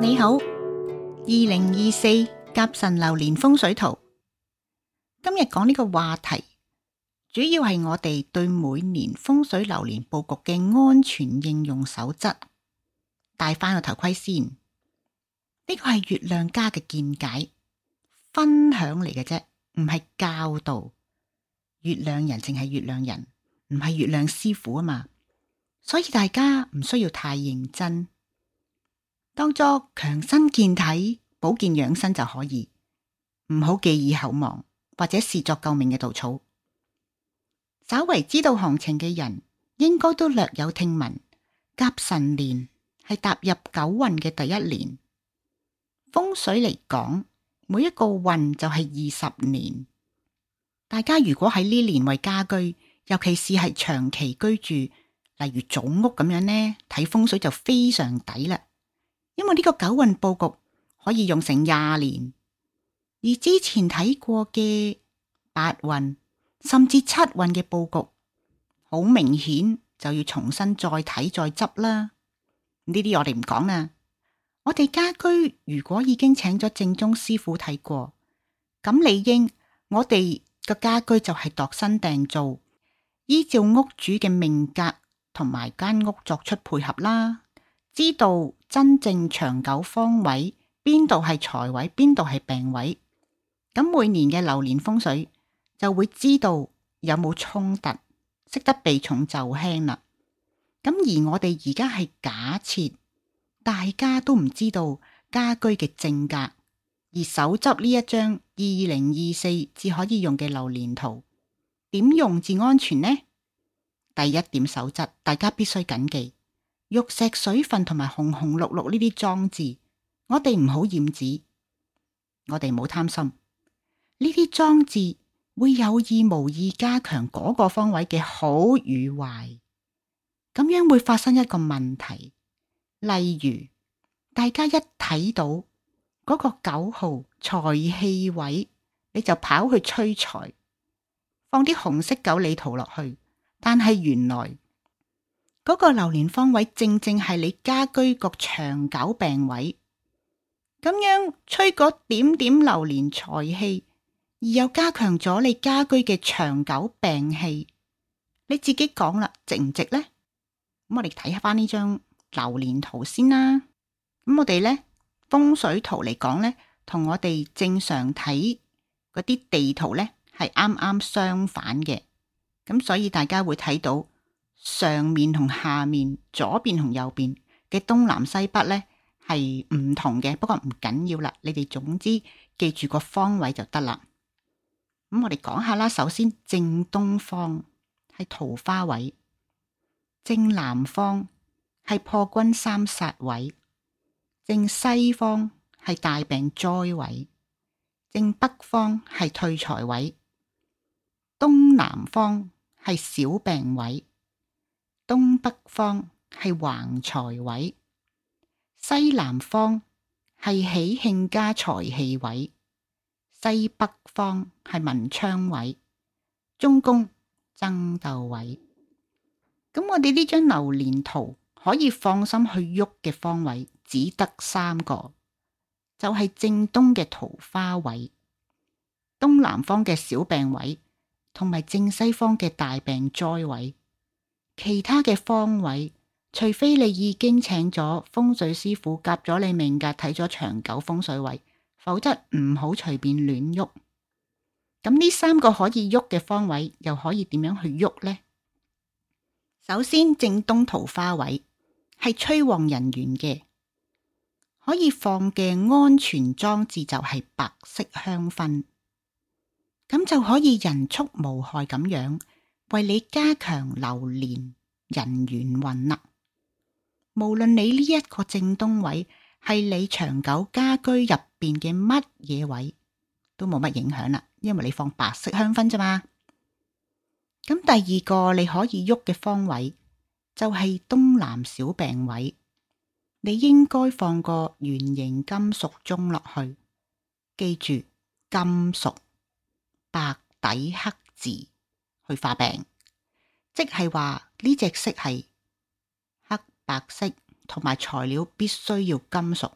你好，二零二四甲辰流年風水圖，今日講呢個話題，主要係我哋對每年風水流年布局嘅安全應用守則。戴翻個頭盔先，呢、呢個係月亮家嘅見解，分享嚟嘅啫，唔係教導。月亮人淨係月亮人，唔係月亮師傅啊嘛，所以大家唔需要太認真。當作強身健體、保健養生就可以，唔好寄以厚望或者視作救命嘅稻草。稍為知道行情嘅人，應該都略有聽聞，甲辰年係踏入九運嘅第一年。風水嚟講，每一個運就係二十年。大家如果喺呢年為家居，尤其是係長期居住，例如祖屋咁樣呢，睇風水就非常抵啦。因為呢個九運布局可以用成廿年，而之前睇過嘅八運甚至七運嘅布局，好明顯就要重新再睇再執啦。呢啲我哋唔講啦。我哋家居如果已經請咗正宗師傅睇過，咁理應我哋個家居就係度身訂造，依照屋主嘅命格同埋間屋作出配合啦，知道。真正長久方位，邊度係財位，邊度係病位，咁每年嘅流年風水就會知道有冇衝突，識得避重就輕啦。咁而我哋而家係假設，大家都唔知道家居嘅正格，而手執呢一張二零二四至可以用嘅流年圖，點用至安全呢？第一點守則，大家必須謹記。玉石、水分同埋紅紅綠綠呢啲裝置，我哋唔好染指，我哋唔好貪心。呢啲裝置會有意無意加強嗰個方位嘅好與壞，咁樣會發生一個問題。例如，大家一睇到嗰、嗰個九號財氣位，你就跑去催財，放啲紅色九鯉圖落去，但係原來。嗰個流年方位正正係你家居個長久病位，咁樣吹嗰點點流年財氣，而又加強咗你家居嘅長久病氣。你自己講啦，值唔值呢？咁我哋睇翻呢張流年圖先啦。咁我哋呢，風水圖嚟講呢，同我哋正常睇嗰啲地圖呢，係啱啱相反嘅。咁所以大家會睇到。上面同下面，左邊同右邊嘅東南西北咧，係唔同嘅，不過唔緊要啦。你哋總之記住個方位就得啦。咁我哋講下啦，首先正東方係桃花位，正南方係破軍三煞位，正西方係大病災位，正北方係退財位，東南方係小病位。東北方係橫財位，西南方係喜慶加財氣位，西北方係文昌位，中宮爭鬥位。咁我哋呢張流年圖可以放心去喐嘅方位，只得三個，就係、是、正東嘅桃花位，東南方嘅小病位，同埋正西方嘅大病災位。其他嘅方位，除非你已經請咗風水師傅夾咗你命格睇咗長久風水位，否則唔好隨便亂喐。咁呢三個可以喐嘅方位，又可以點樣去喐呢？首先，正東桃花位係催旺人緣嘅，可以放嘅安全裝置就係白色香薰，咁就可以人畜無害咁樣。為你加強流年人緣運啦。無論你呢一個正東位係你長久家居入邊嘅乜嘢位，都冇乜影響啦，因為你放白色香薰啫嘛。咁第二個你可以喐嘅方位就係、是、東南小病位，你應該放個圓形金屬鐘，落去。記住，金屬白底黑字。去化病，即係話，呢隻色係黑白色，同埋材料必須要金屬。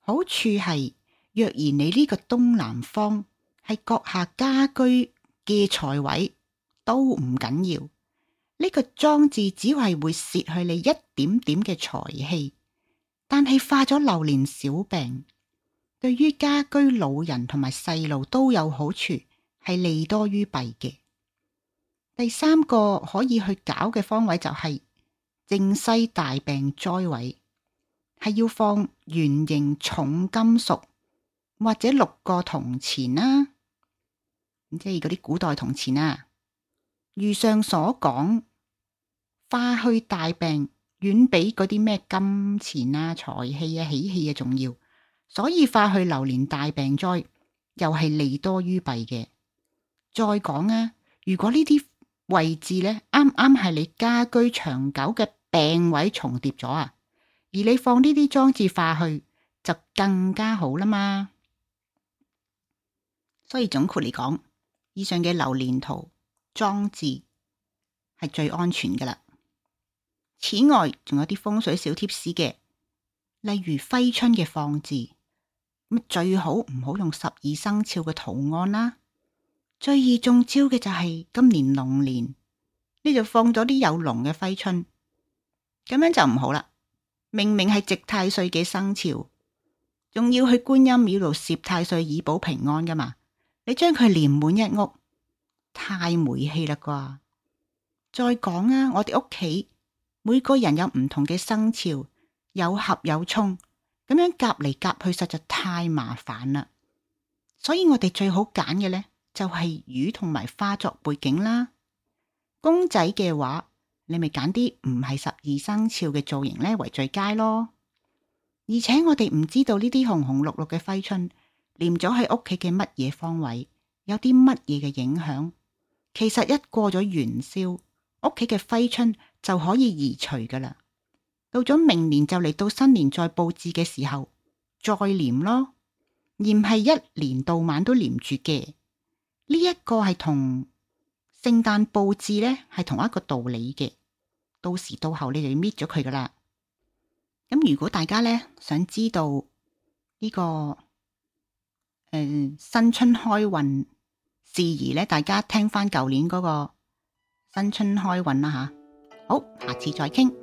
好處係，若然你呢個東南方係閣下家居嘅財位，都唔緊要。呢、這個裝置只係會洩去你一點點嘅財氣，但係化咗流年小病，對於家居老人同埋細路都有好處，係利多於弊嘅。第三個可以去搞嘅方位就係、是、正西大病災位，係要放圓形重金屬或者六個銅錢啦、啊，即係嗰啲古代銅錢啊。如上所講，化去大病遠比嗰啲咩金錢啊財氣啊喜氣啊重要，所以化去流年大病災又係利多於弊嘅。再講啊，如果呢啲。位置呢，啱啱係你家居長久嘅病位重疊咗啊，而你放呢啲裝置化去就更加好啦嘛。所以總括嚟講，以上嘅流年圖裝置係最安全㗎啦。此外，仲有啲風水小貼士嘅，例如揮春嘅放置咁，最好唔好用十二生肖嘅圖案啦。最易中招嘅就係、是、今年龍年，你就放咗啲有龍嘅揮春，咁樣就唔好啦。明明係值太歲嘅生肖，仲要去觀音廟度攝太歲以保平安噶嘛，你將佢連滿一屋，太晦氣啦啩。再講啊，我哋屋企每個人有唔同嘅生肖，有合有沖，咁樣夾嚟夾去實在太麻煩啦。所以我哋最好揀嘅呢，就係魚同埋花作背景啦。公仔嘅話，你咪揀啲唔係十二生肖嘅造型咧，為最佳咯。而且我哋唔知道呢啲紅紅綠綠嘅揮春粘咗喺屋企嘅乜嘢方位，有啲乜嘢嘅影響。其實一過咗元宵，屋企嘅揮春就可以移除噶啦。到咗明年就嚟到新年再布置嘅時候，再粘咯。而唔係一年到晚都粘住嘅。呢一個係同聖誕布置，咧係同一個道理嘅。到時到後，你就要搣咗佢噶啦。咁如果大家咧想，知道呢、這個誒、呃、新春開運事宜咧，大家聽翻舊年嗰個新春開運啦吓。好，下次再傾。